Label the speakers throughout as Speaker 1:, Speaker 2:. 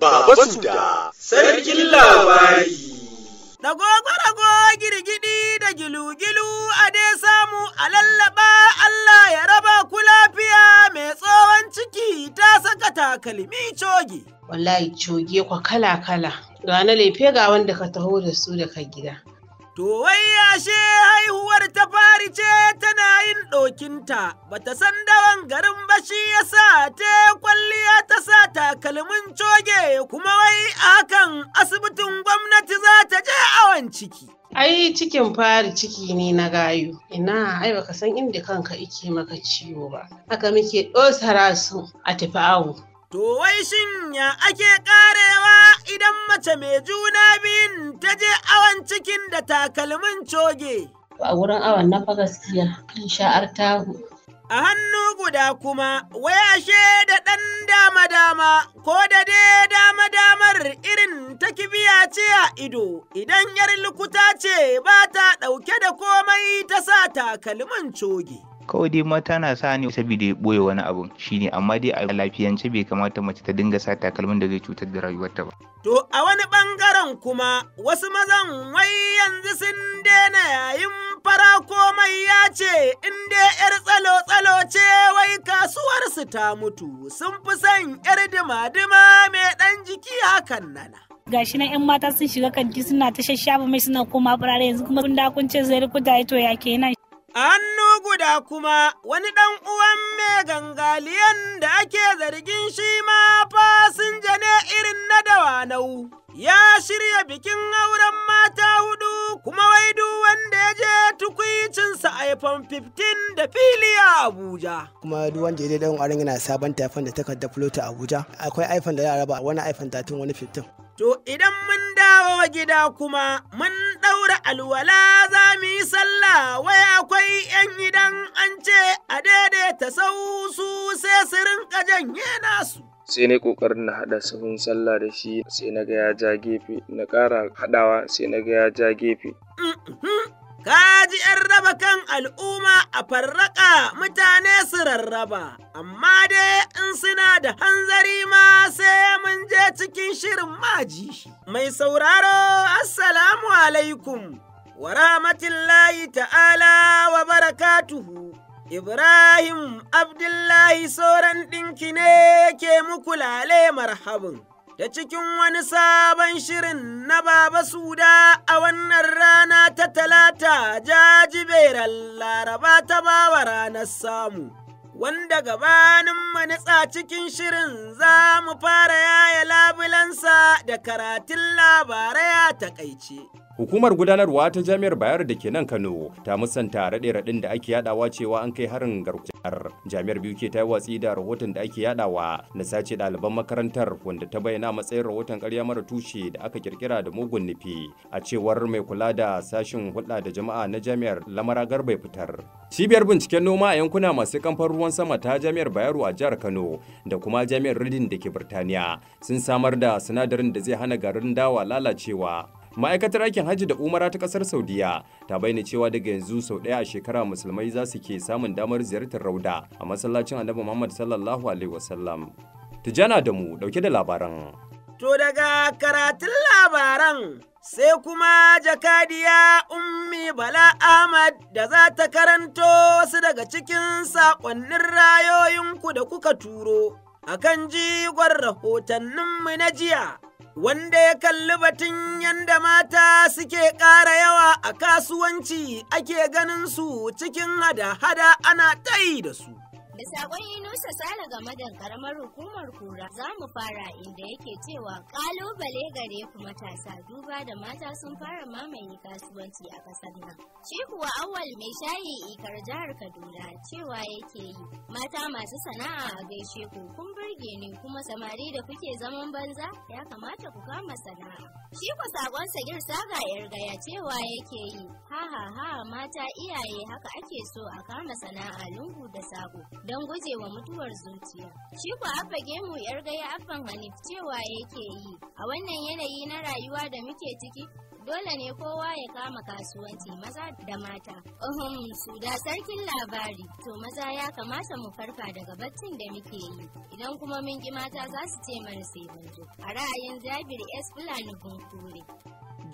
Speaker 1: Baba Suda, Sarkin Labari. Ragogo-rago girgidi da gilu-gilu a dai samu a lallaba Allah ya raba
Speaker 2: ku lafiya mai tsohon ciki ta saka takalmi coge. Wallahi coge kwa kala-kala, gane laife ga wanda ka taho da su daga gida. To
Speaker 1: wai yashe haihuwar ta fari ce tana yin ɗokinta, ta san dawan garin ba shi ya sa ta kwalliya ta sa takalmin coge kuma wai a hakan asibitin gwamnati za ta je awon ciki.
Speaker 2: Ai cikin fari ciki ne na gayu, ina ai baka san inda kanka ike maka ciwo ba, haka muke ɗosara su a tafi awo.
Speaker 1: To wai shin ya ake ƙare idan mace mai juna biyun ta je awon cikin da takalmin
Speaker 2: coge. A wurin awon na fa gaskiya kan sha'ar tahu.
Speaker 1: A hannu guda kuma wai ashe da ɗan dama-dama ko da dai dama-damar irin ta kibiya ce a ido idan yar lukuta ce ba ta ɗauke da komai ta sa takalmin coge.
Speaker 3: kawai dai mata na sa ne saboda ya ɓoye wani abun shine amma dai a lafiyance bai kamata mace ta dinga sa takalmin da zai cutar da
Speaker 1: rayuwarta ba. To a wani bangaren kuma wasu mazan wai yanzu sun daina yayin fara komai ya ce in dai yar tsalo-tsalo ce wai kasuwarsu ta mutu sun fi son yar dima-dima mai ɗan
Speaker 4: jiki hakan nana. gashi na yan mata sun shiga kanti suna ta shashaba mai suna koma birane yanzu kuma kun da kun ce zai rikuta ya to ya nan. hannu guda kuma wani ɗan
Speaker 1: uwan mai gangaliyan da ake zargin shi ma fasinja ne irin na dawanau. ya shirya bikin auren mata hudu kuma wai wanda ya je tukwicinsa iPhone 15 da fili a Abuja.
Speaker 4: Kuma duk wanda ya je don yana sabon taifon da takardar floto a Abuja. Akwai iPhone da za a raba wani iPhone 13 wani 15.
Speaker 1: To idan mun dawo gida kuma mun ɗaura alwala za mu yi sallah wai akwai 'yan gidan an ce a daidaita sau su sai su rinka janye nasu.
Speaker 3: sai na yi ƙoƙarin na haɗa sahun sallah da shi sai na ga ya ja gefe na ƙara haɗawa sai na ga ya ja gefe.
Speaker 1: Ka ji ‘yan raba kan al'umma a farraƙa mutane su rarraba, amma dai in suna da hanzari ma sai mun je cikin shirin maji Mai sauraro, Assalamu alaikum, wa rahmatullahi ta'ala wa barakatuhu. Ibrahim Abdullahi sauran ɗinki ne ke muku lale marhabin. Da cikin wani sabon shirin na Baba Suda a wannan rana ta talata jajiberar laraba ta bawa ranar samu. Wanda gabanin manitsa cikin shirin za mu fara yaya labulansa da karatun labarai a takaice.
Speaker 3: Hukumar gudanarwa ta Jami'ar Bayero da ke nan Kano ta musanta raɗe-raɗin da ake yaɗawa cewa an kai harin garkuwar. Jami'ar biyu ta yi watsi da rahoton da ake yaɗawa na sace ɗaliban makarantar wanda ta bayyana matsayin rahoton ƙarya mara tushe da aka kirkira da mugun nufi a cewar mai kula da sashin hulɗa da jama'a na Jami'ar Lamara Garba fitar. Cibiyar binciken noma a yankuna masu kamfan ruwan sama ta Jami'ar Bayero a jihar Kano da kuma Jami'ar Ridin da ke Birtaniya sun samar da sinadarin da zai hana garin dawa lalacewa ma'aikatar aikin hajji da umara ta kasar saudiya ta bayyana cewa daga yanzu sau ɗaya a shekara musulmai za su ke samun damar ziyartar rauda a masallacin annabi muhammad sallallahu alaihi wasallam tijana da mu dauke da labaran
Speaker 1: to daga karatun labaran sai kuma jakadiya ummi bala ahmad da za ta karanto wasu daga cikin saƙonnin rayoyinku da kuka turo akan jigon rahotanninmu na jiya wanda ya kalli batun yanda mata suke ƙara yawa a kasuwanci ake ganin su cikin hada-hada ana tai da su.
Speaker 5: Da sakon Inusa Sale game da karamar hukumar kura za mu fara inda yake cewa kalubale gare ku matasa duba da mata sun fara mamaye kasuwanci a kasar nan. Shi kuwa awal mai shayi ikar jihar Kaduna cewa yake yi mata masu sana'a a gaishe ku kun burge ni kuma samari da kuke zaman banza ya kamata ku kama sana'a. Shi ku sakon Sagir Saga gaya cewa yake yi ha ha ha mata iyaye haka ake so a kama sana'a lungu da sako. don wa mutuwar zuciya. Shi ko abba gemu yar gaya abban Hanif cewa yake yi a wannan yanayi na rayuwa da muke ciki dole ne kowa ya kama kasuwanci maza da mata. Uhum su da sarkin labari to maza ya kamata mu farfa daga baccin da muke yi idan kuma mun ji mata za su ce mana sai zo. A ra'ayin Jabir S Fulani Bunkure.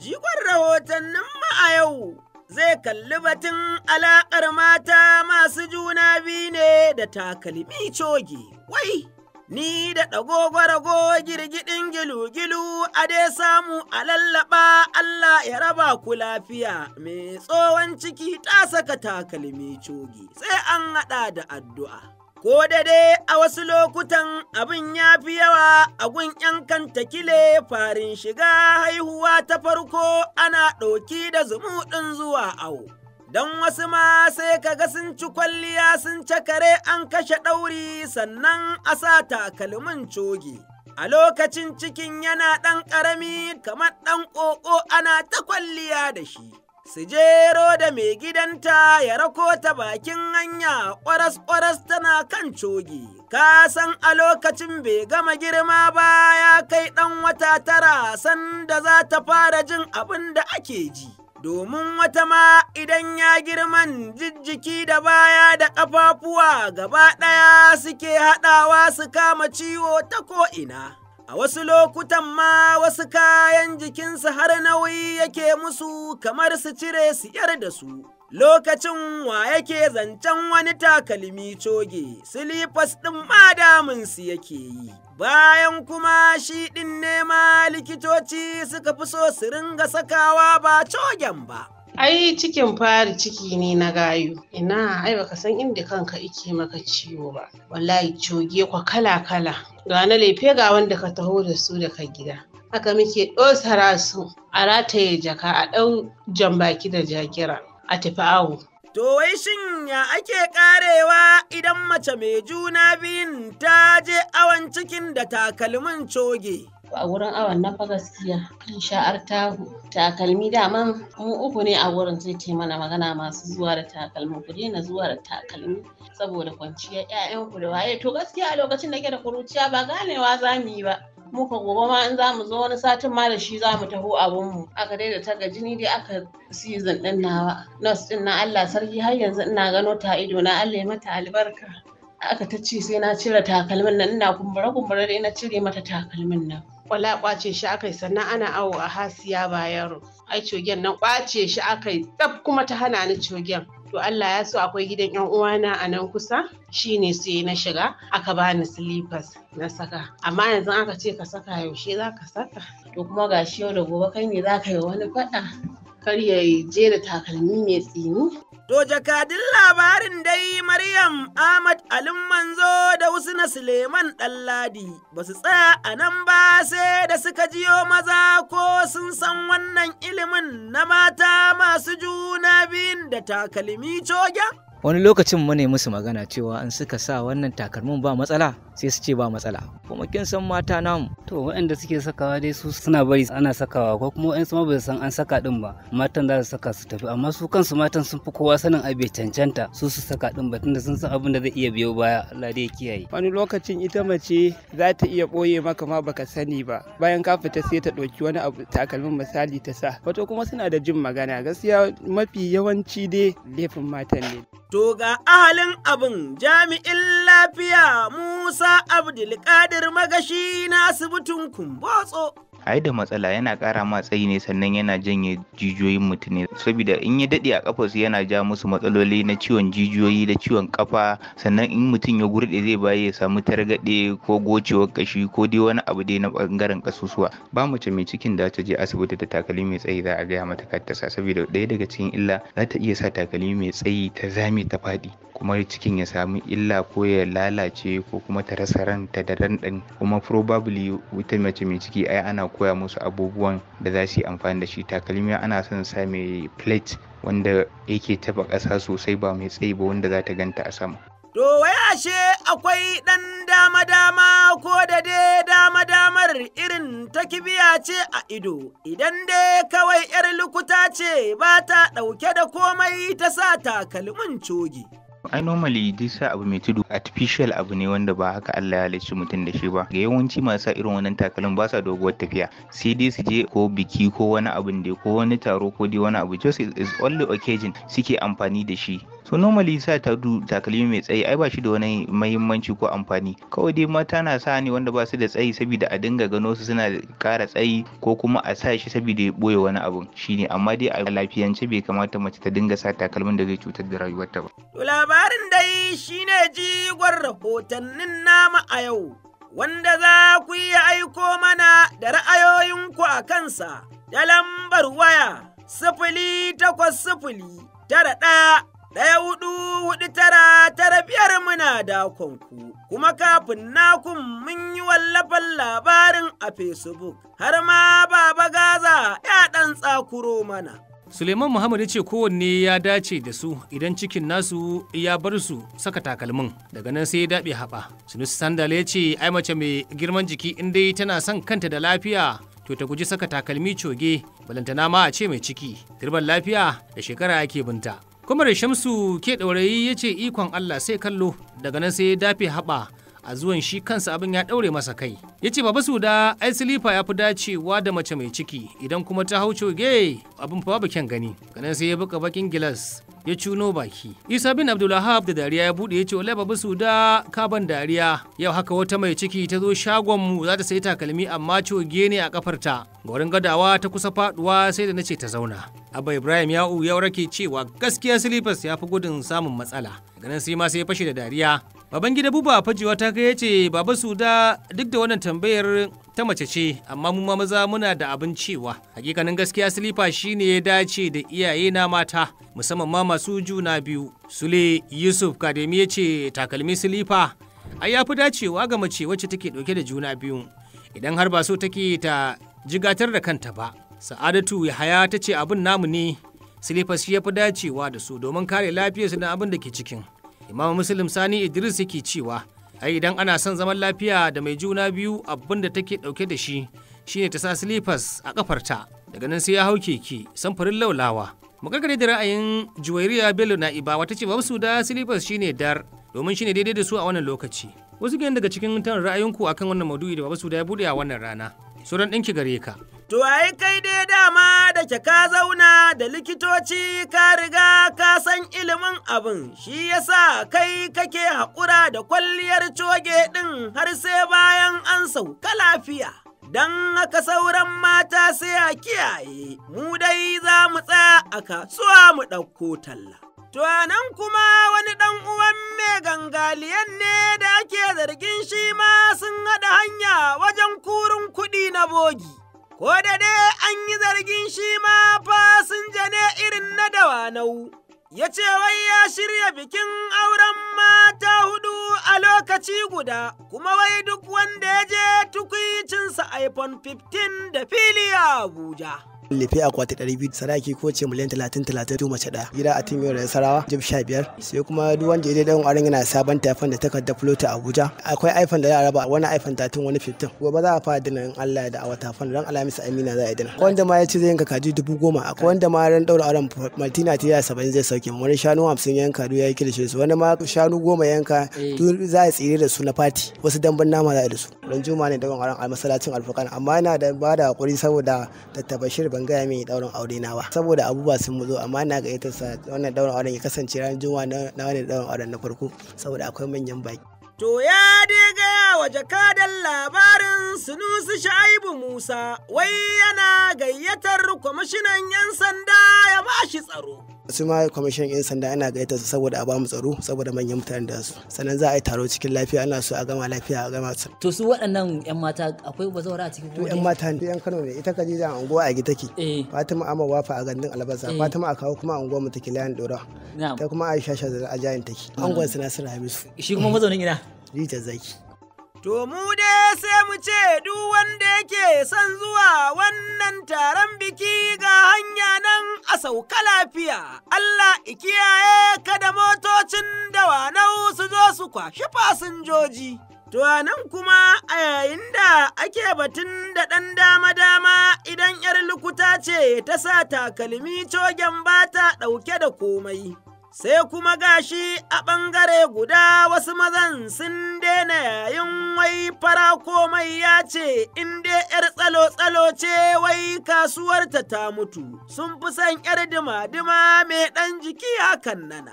Speaker 1: Jigon rahotannin ma a yau. zai kalli batun alaƙar mata masu juna biyu ne da takalmi coge, wai, ni da ɗagogo-rago girgiɗin gilu-gilu a dai samu a lallaɓa Allah ya raba ku lafiya mai tsohon ciki ta saka takalmi coge, sai an haɗa da addu'a. ko da dai a wasu lokutan abin ya fi yawa a gun ‘yan kantakile farin shiga haihuwa ta farko ana ɗauki da zumuɗin zuwa awo. Don wasu ma sai kaga sun ci kwalliya sun cakare an kashe ɗauri sannan a sa takalmin coge. A lokacin cikin yana ɗan ƙarami kamar ɗan ƙoƙo ana ta kwalliya da shi. su jero da mai gidanta ya rako ta bakin hanya ƙwaras-ƙwaras tana kan cogi. Ka san a lokacin bai gama girma ba ya kai ɗan wata tara sanda za ta fara jin abin da ake ji. domin wata ma idan ya girman jijjiki da baya da ƙafafuwa gaba ɗaya suke haɗawa su kama ciwo ta ko'ina. A wasu lokutan ma wasu kayan jikinsu har nauyi yake musu kamar su cire su yar da su. Lokacin wa yake zancen wani takalmi coge, silifas ɗin ma damunsu yake yi. Bayan kuma shi ɗin
Speaker 2: nema likitoci suka fi so su ringa sakawa ba cogen ba. ai cikin fari ciki ne na gayu ina ai baka san inda kanka ike maka ciwo ba wallahi coge kwa kala kala na lefe ga wanda ka taho da su daga gida haka muke ɗosara su a rataye jaka a ɗau jambaki baki da jagira a tafi awo
Speaker 1: To wai shin ya ake karewa idan mace mai juna biyun ta je awon cikin da takalmin coge? a
Speaker 2: wurin awon na fa gaskiya in sha'ar tahu takalmi dama mu uku ne a wurin zai ce mana magana masu zuwa da takalmi ku daina zuwa da takalmi saboda kwanciyar ku da waye to gaskiya a lokacin da ke da kuruciya ba ganewa za mu yi ba muka gobe ma in za mu zo wani satin ma da shi za mu taho mu. aka dai da taga jini dai aka season din nawa nurse din na Allah sarki har yanzu ina gano ta ido na Allah mata albarka aka ta ce sai na cire takalmin nan ina kumbura kumbura dai na cire mata takalmin nan kwala kwace shi aka yi sannan ana awo a hasiya bayero ai cogen nan kwace shi aka yi tsaf kuma ta hana ni cogen to Allah ya so akwai gidan yan uwana a nan kusa shine sai na shiga aka bani slippers na saka amma yanzu aka ce ka saka yaushe za ka saka to kuma gashi yau da gobe kai ne za ka yi wani faɗa kar ya je da takalmi mai tsini To jakadin labarin dai Maryam Ahmad Alin
Speaker 1: Manzo da na Suleiman Ɗanladi ba su tsaya a nan ba sai da suka jiyo maza ko sun san wannan ilimin na mata masu juna biyun da takalmi cogen.
Speaker 6: Wani lokacin mu ne musu magana cewa an suka sa wannan takalmin ba matsala sai su ce ba matsala kuma kin san mata namu to waɗanda suke sakawa dai su suna bari ana sakawa ko kuma waɗansu ma ba san an saka din ba matan za su saka su tafi amma su kansu matan sun fi kowa sanin abin cancanta su su saka din ba tunda sun san abin da zai iya biyo baya Allah dai kiyaye wani lokacin ita mace za ta iya boye maka ma baka sani ba bayan ka fita sai ta ɗauki wani abu takalmin misali ta sa wato kuma suna da jin magana gaskiya
Speaker 1: mafi yawanci dai laifin matan ne to ga ahalin abin jami'in lafiya Musa Abdulkadir Magashi na asibitin Kumbotso.
Speaker 3: ai da matsala yana ƙara ma tsayi ne sannan yana janye jijiyoyin mutum ne saboda in ya daɗe a ƙafarsu yana ja musu matsaloli na ciwon jijiyoyi da ciwon ƙafa sannan in mutum ya gurɗe zai baya ya samu targaɗe ko gocewar ƙashi ko dai wani abu dai na ɓangaren ƙasusuwa ba mace mai cikin da ta je asibiti da takalmi mai tsayi za a gaya mata ka ta sa saboda ɗaya daga cikin illa za ta iya sa takalmi mai tsayi ta zame ta faɗi kuma cikin ya samu illa ko ya lalace ko kuma ta rasa ranta da randan kuma probably wuta mace mai ciki ai ana koya musu abubuwan da za su yi amfani da shi takalmi ana son sa mai plate wanda yake taba ƙasa sosai ba mai tsayi ba wanda za ta ganta a sama
Speaker 1: To wai ashe akwai ɗan dama-dama ko da dai dama-damar irin ta kibiya ce a ido, idan dai kawai ‘yar lukuta ce ba ta ɗauke da komai ta sa takalmin cogi.
Speaker 3: ai normally duk sa abu mai tudu artificial abu ne wanda ba haka Allah ya halicci mutum da shi ba ga yawanci masu irin wannan takalmin ba sa doguwar tafiya sai dai su je ko biki ko wani abu da ko wani taro ko dai wani abu just is only occasion suke amfani da shi so normally sa ta takalmi mai tsayi ai ba shi da wani mahimmanci ko amfani kawai dai mata na sa ne wanda ba su da tsayi saboda a dinga gano su suna kara tsayi ko kuma a sa shi saboda ya boye wani abun shine amma dai a lafiyance bai kamata mace ta dinga sa takalmin da zai cutar da rayuwarta ba
Speaker 1: labarin dai shine jigon rahotannin nama a yau wanda za ku iya aiko mana da ra'ayoyinku a kansa da lambar waya sifili takwas sifili tara ɗaya ɗaya hudu hudu tara tara biyar muna dakonku kuma kafin nakun mun yi wallafan labarin a facebook har ma baba gaza ya ɗan tsakuro mana.
Speaker 6: Suleiman Muhammad ya ce kowanne ya dace da su idan cikin nasu ya bar su saka takalmin daga nan sai ya daɓe haɓa. Sunusi Sandal ya ce ai mace mai girman jiki in dai tana son kanta da lafiya to ta guji saka takalmi coge balantana ma a ce mai ciki. Turban lafiya da shekara ake binta. kuma da shamsu ke ɗaurayi ya ce ikon allah sai kallo daga nan sai ya dafe haɓa a zuwan shi kansa abin ya ɗaure masa kai ya ce baba su da ai silifa ya fi dacewa da mace mai ciki idan kuma ta hau coge abin fa babu kyan gani ganin sai ya buka bakin gilas ya cuno baki isa bin Abdulwahab da dariya ya bude ya ce wallahi babu su da kaban dariya yau haka wata mai ciki ta zo shagonmu za ta sayi takalmi amma coge ne a kafarta wurin gadawa ta kusa faduwa sai da nace ta zauna abba ibrahim ya'u ya rake cewa gaskiya silifas ya fi gudun samun matsala ganin sai ma sai ya fashe da dariya Babangida Buba fajiwa ta kai ce Baba Suda duk da wannan tambayar ta mace ce amma mu maza muna da abin cewa hakikanin gaskiya silifa shine ya dace da iyaye na mata musamman ma masu juna biyu Sule Yusuf Kademi ya ce takalmi silifa ai ya fi dacewa ga mace wacce take dauke da juna biyu idan har ba so take ta jigatar da kanta ba Sa'adatu Yahaya ta ce abin namu ne silifa shi ya fi dacewa da su domin kare lafiyarsu da abin da ke cikin Imam Muslim Sani Idris yake cewa ai idan ana son zaman lafiya da mai juna biyu abin da take dauke da shi shine ta sa silifas a kafarta daga nan sai ya hau keke samfurin laulawa. Magagare da ra'ayin Juwairiya Bello na Iba wata ce babu su da silifas shine dar domin shine daidai da su a wannan lokaci. Wasu daga cikin tan ra'ayinku akan wannan maudu'i da babu su da ya bude a wannan rana. sunan ɗinki gare ka.
Speaker 1: To ai kai dai dama da ke ka zauna da likitoci ka riga ka san ilimin abin shi yasa kai kake haƙura da kwalliyar coge ɗin har sai bayan an sauka lafiya. Don haka sauran mata sai a kiyaye, mu dai za mu tsaya a kasuwa mu ɗauko talla. To nan kuma wani ɗan uwan mai gangaliyan ne da ake zargin shi ma sun haɗa hanya wajen kurin kuɗi na bogi. Ko da dai an yi zargin shi ma fasinja ne irin na dawanau. Ya ce wai ya shirya bikin auren mata hudu a lokaci guda, kuma wai duk wanda ya je tukwicinsa iPhone 15 da fili a Abuja.
Speaker 4: lefe akwati 200 sadaki ko ce miliyan talatin talatin tu mace ɗaya. gida a timiyar da sarawa jib biyar sai kuma duk wanda ya daidai wani yana sabon tafin da takardar flota abuja akwai aifan da za a raba wani aifan 13 wani 15 gobe za a fara dina in allah da awa tafin ran alamis amina za a dina wanda ma ya ce zai yanka kaji dubu goma akwai wanda ma ran daura auren martina tiya saba'in zai sauke wani shanu hamsin yanka duk ya yi kirishin su wani ma shanu goma yanka eh. duk za a tsire da su na fati wasu damban nama za a yi da su ran juma ne daga auren almasalacin alfukan amma yana da ba da hakuri saboda tattaba ban ban gaya min daurin aure na ba saboda abubuwa sun mu zo amma na ga ita sa wannan daurin auren ya kasance ranar juma na wannan daurin auren na farko saboda akwai manyan baki
Speaker 1: To ya dai gaya wa jakadan labarin sunusu Sha'ibu Musa, wai yana gayyatar kwamishinan 'yan sanda ba shi tsaro.
Speaker 4: su ma kwamishin 'yan sanda ana gaita su saboda a bamu tsaro saboda manyan mutanen da su sannan za a yi taro cikin lafiya ana so a gama lafiya a gama su. to su waɗannan 'yan mata akwai zaura a cikin ko 'yan mata ne 'yan kano ne ita ji da unguwa a ta ke eh. fatima amma wafa a gandun albasa eh. fatima a kawo kuma anguwa mu ke layan dora ta kuma aisha shazara a jayin take anguwan suna suna sun su shi kuma mazaunin ina rita zaki
Speaker 1: To mu dai sai mu ce duk wanda yake son zuwa wannan taron biki ga hanya nan a sauka lafiya. Allah ikiyaye kada motocin dawanau su zo su kwashi fasinjoji. To nan kuma a yayin da ake batun da ɗan dama-dama idan ‘yar lukuta ce ta sa takalmi cogen bata ɗauke da komai. sai kuma gashi a ɓangare guda wasu mazan sun daina yayin wai fara komai ya ce inda 'yar tsalo-tsalo ce wai kasuwarta ta mutu sun fi son 'yar dima-dima mai ɗan jiki hakan nana.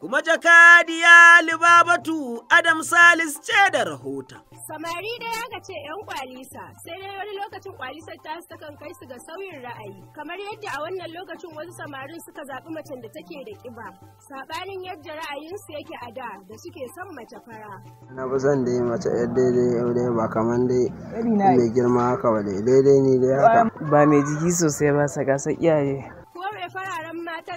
Speaker 1: Kuma jakadiya Libabatu Adam Salis ce da rahoton.
Speaker 5: samari da ya ga ce 'yan kwalisa sai dai wani lokacin kwalisar ta takan kai su ga sauyin ra'ayi kamar yadda a wannan lokacin wasu samarin suka zaɓi macen da take da ƙiba saɓanin yadda ra'ayin su yake a da da suke son mace fara.
Speaker 1: na fi son mace yar daidai yau dai ba kamar dai mai girma haka ba daidai
Speaker 2: ne dai haka. ba mai jiki sosai ba saka sa iyaye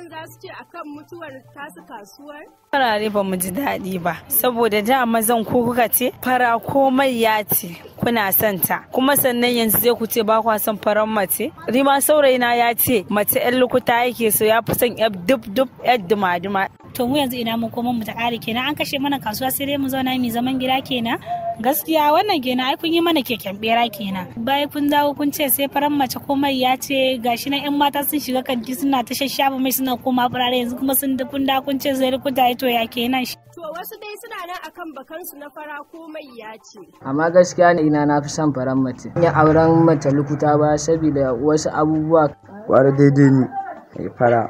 Speaker 5: hakan za su ce akan mutuwar tasu kasuwar?
Speaker 2: Farare ba mu ji daɗi ba, saboda da mazan ko kuka ce fara komai ya ce kuna son ta. Kuma sannan yanzu zai ku ce ba kwa son faran mace. Rima saurayina ya ce mace 'yan lukuta yake so ya fi son 'yan
Speaker 4: dub dub 'yan duma duma. to mu yanzu ina mu koma mu ta ƙari kenan an kashe mana kasuwa sai dai mu zauna mai zaman gida kenan gaskiya wannan gina ai kun yi mana keken bera kenan bayan kun dawo kun ce sai faran mace komai ya ce gashi na yan mata sun shiga kanti suna ta shashaba mai suna koma furare yanzu kuma sun da kun da kun ce sai kun da to ya kenan shi
Speaker 5: to wasu dai suna nan akan bakan su na fara komai
Speaker 4: ya ce amma gaskiya ne ina na fi son faran mace ya auren mace lukuta ba saboda wasu abubuwa kwara daidai ne fara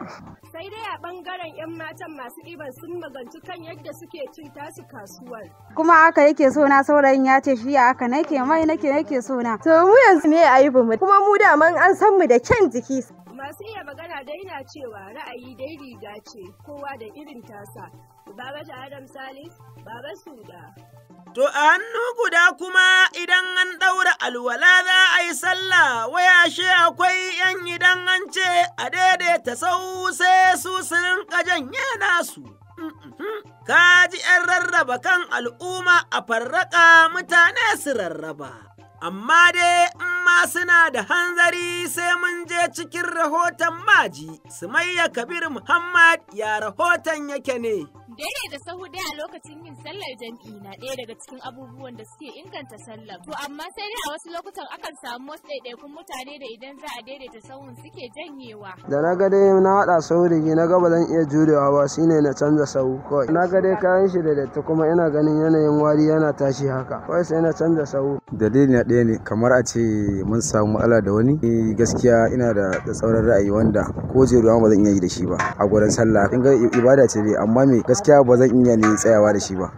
Speaker 5: 'yan matan masu ɗiban sun maganci kan yadda suke cin tasu kasuwar.
Speaker 2: Kuma aka yake so na saurayin ya ce shi haka nake mai nake nake so na. To mu yanzu me ayibu mu kuma mu daman an san mu da kyan jiki.
Speaker 5: Masu iya magana dai na cewa ra'ayi dai riga ce kowa da irin tasa. Baba Adam Salis, Baba Suda.
Speaker 1: To a hannu guda kuma idan an ɗaura alwala
Speaker 5: za a yi sallah
Speaker 1: waya shi akwai ‘yan bayan an ce a daidaita sau sai su rinka janye nasu. Ka ji ‘yan rarraba kan al'umma a farraka mutane su rarraba. amma dai in ma suna da hanzari sai mun je cikin rahoton maji sumayya kabir muhammad ya rahoton yake ne
Speaker 5: da sahu daya a lokacin yin sallar jam'i na ɗaya daga cikin abubuwan da suke inganta sallar to amma sai dai a wasu lokutan akan samu wasu ɗaiɗaikun mutane da idan za a daidaita sahun suke janyewa da
Speaker 1: na ga dai na haɗa sahu da na ga zan iya jurewa ba shine na canza sahu kawai na ga dai kayan shi da datti kuma ina ganin yanayin wari yana tashi haka kawai sai na canza sahu dalilin ɗaya ne kamar a ce mun samu matsala da wani gaskiya ina da tsauran ra'ayi wanda ko je ruwa ba zan iya yi da shi ba a gurin sallah in ga ibada ce dai amma me gaskiya ba zan iya ne tsayawa da shi ba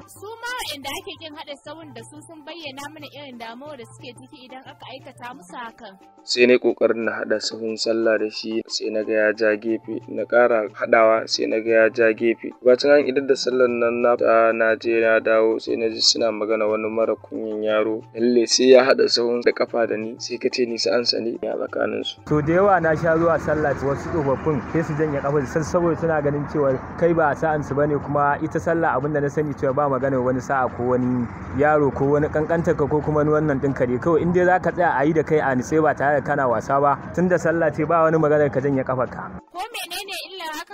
Speaker 5: sawun da su sun bayyana mana irin damuwar da suke ciki idan aka aikata musu hakan.
Speaker 3: Sai na kokarin na haɗa sahun sallah da shi sai na ga ya ja gefe na ƙara haɗawa sai na ga ya ja gefe. Bacin an idan da sallar nan na ta na je na dawo sai na ji suna magana wani mara kunyin yaro. Lalle sai ya hada sahun da kafa da ni sai ka ce ni sa an sani a tsakanin su. To da yawa na sha zuwa sallah wasu tsofaffin sai su janye kafa sai saboda suna ganin cewa kai ba sa'ansu su bane kuma ita sallah abin na sani cewa ba magana wani sa'a ko wani yaro ko wani kankantar ko kuma wannan din kare kawai in dai zaka tsaya a yi da kai a nitse ba tare da kana wasa ba tunda sallah ce ba wani maganar ka janye kafarka
Speaker 5: ko menene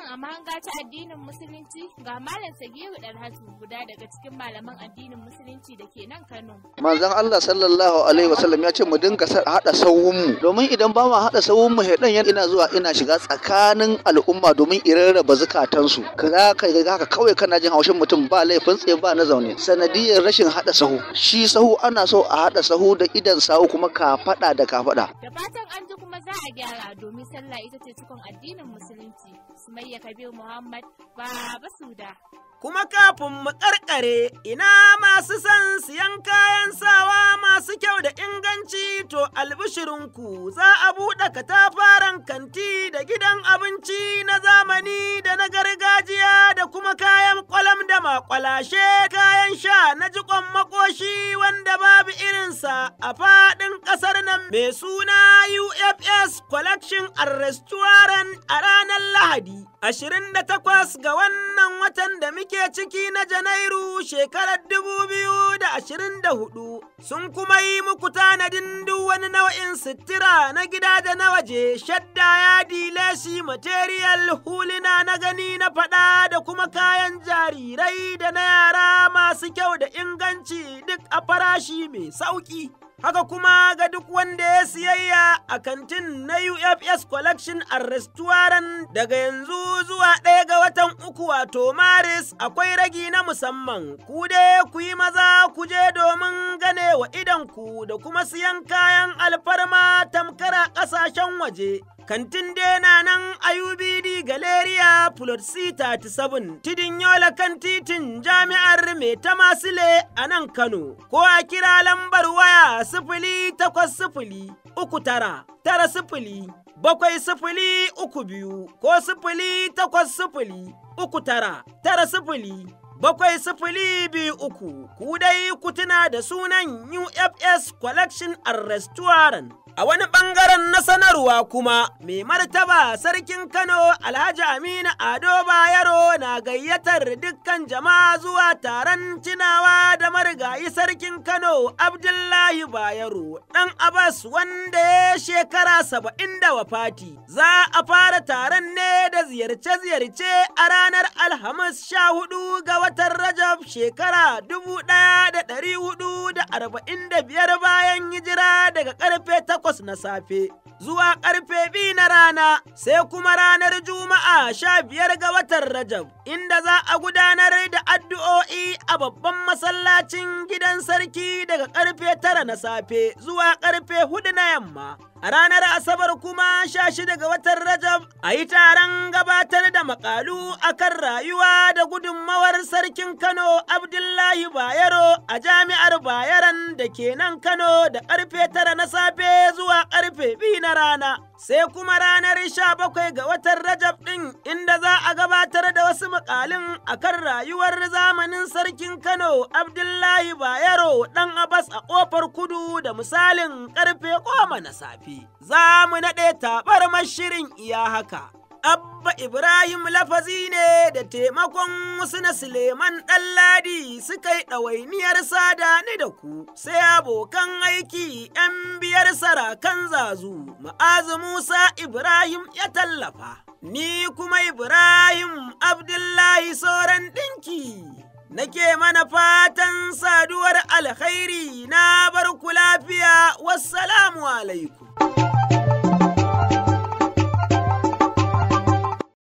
Speaker 5: a mahanga ta addinin musulunci ga malam sagiru hatu guda daga cikin malaman addinin musulunci da ke
Speaker 4: nan kano manzon allah sallallahu alaihi wasallam ya ce mu dinga haɗa sauwun mu domin idan ba mu haɗa sauwun mu hedan ina zuwa ina shiga tsakanin al'umma domin irarraba zukatansu Za ka ga haka kawai kana jin haushin mutum ba laifin tsaye ba na zaune sanadiyar rashin haɗa sahu shi sahu ana so a haɗa sahu da idan sahu kuma ka faɗa da ka faɗa da
Speaker 5: fatan an ji kuma za a gyara domin sallah ita ce cikon addinin musulunci Sumayya Kabir Muhammad Baba Suda.
Speaker 1: kuma kafin mu ƙarƙare ina masu san siyan kayan sawa masu kyau da inganci to albishirinku za a buɗe katafaren kanti da gidan abinci na zamani da na gargajiya da kuma kayan kwalam da makwalashe kayan sha na jikon makoshi wanda babu irinsa a faɗin ƙasar nan mai suna UFS Collection and Restaurant a ranar Lahadi 28 ga wannan watan da muke ke ciki na Janairu shekarar dubu biyu da da ashirin hudu sun kuma yi muku tanadin duk wani nau'in sitira na gida da na waje shadda yadi leshi material hulina na gani na faɗa da kuma kayan jarirai da na yara masu kyau da inganci duk a farashi mai sauƙi. haka kuma ga duk wanda ya siyayya a kantin na UFS Collection and restaurant daga yanzu zuwa ɗaya ga watan uku wato Maris akwai ragi na musamman, ku dai ku yi maza ku je domin gane wa idanku da kuma siyan kayan alfarma tamkara ƙasashen waje. kantin dena nan IUBD Galleria Plot C37 tidin yola kan titin jami'ar masile a nan Kano ko a kira lambar waya sifili takwas sifili uku tara tara sifili bakwai sifili uku biyu ko sifili takwas sifili uku tara tara sifili bakwai sifili biyu uku ku dai ku tuna da sunan UFS Collection and Restaurant. A wani ɓangaren na sanarwa kuma, mai martaba sarkin Kano Alhaji Aminu Ado Bayero na gayyatar dukkan jama'a zuwa taron tunawa da marigayi sarkin Kano Abdullahi Bayero ɗan Abbas wanda ya shekara saba'in da wafati. Za a fara taron ne da ziyarce-ziyarce a ranar Alhamis sha hudu ga watan Rajab shekara dubu ɗaya da ɗari hudu da arba'in da biyar bayan hijira daga ƙarfe takwas. takwas na safe zuwa karfe biyu na rana sai kuma ranar Juma'a sha biyar ga watan Rajab inda za a gudanar da addu'o'i a babban masallacin gidan sarki daga karfe tara na safe zuwa karfe hudu na yamma. A ranar Asabar kuma sha shida ga watan Rajab a yi taron gabatar da makalu kan rayuwa da gudunmawar sarkin Kano Abdullahi Bayero a jami'ar Bayaran da ke nan Kano da karfe tara na safe zuwa karfe biyu na rana. Sai kuma ranar sha bakwai ga watan Rajab ɗin inda za a gabatar da wasu a kan rayuwar zamanin sarkin Kano Abdullahi Bayero ɗan Abbas a ƙofar kudu da misalin karfe goma na safe. Za mu naɗe bar mashirin iya haka. Abba Ibrahim lafazi ne da taimakon wasu na Suleiman Ɗanladi suka yi ɗawainiyar sada ni da ku, sai abokan aiki ‘yan biyar sarakan zazu, ma'azu Musa Ibrahim ya tallafa. Ni kuma Ibrahim Abdullahi sauran ɗinki. nake mana fatan saduwar alkhairi na bar ku lafiya wassalamu alaikum.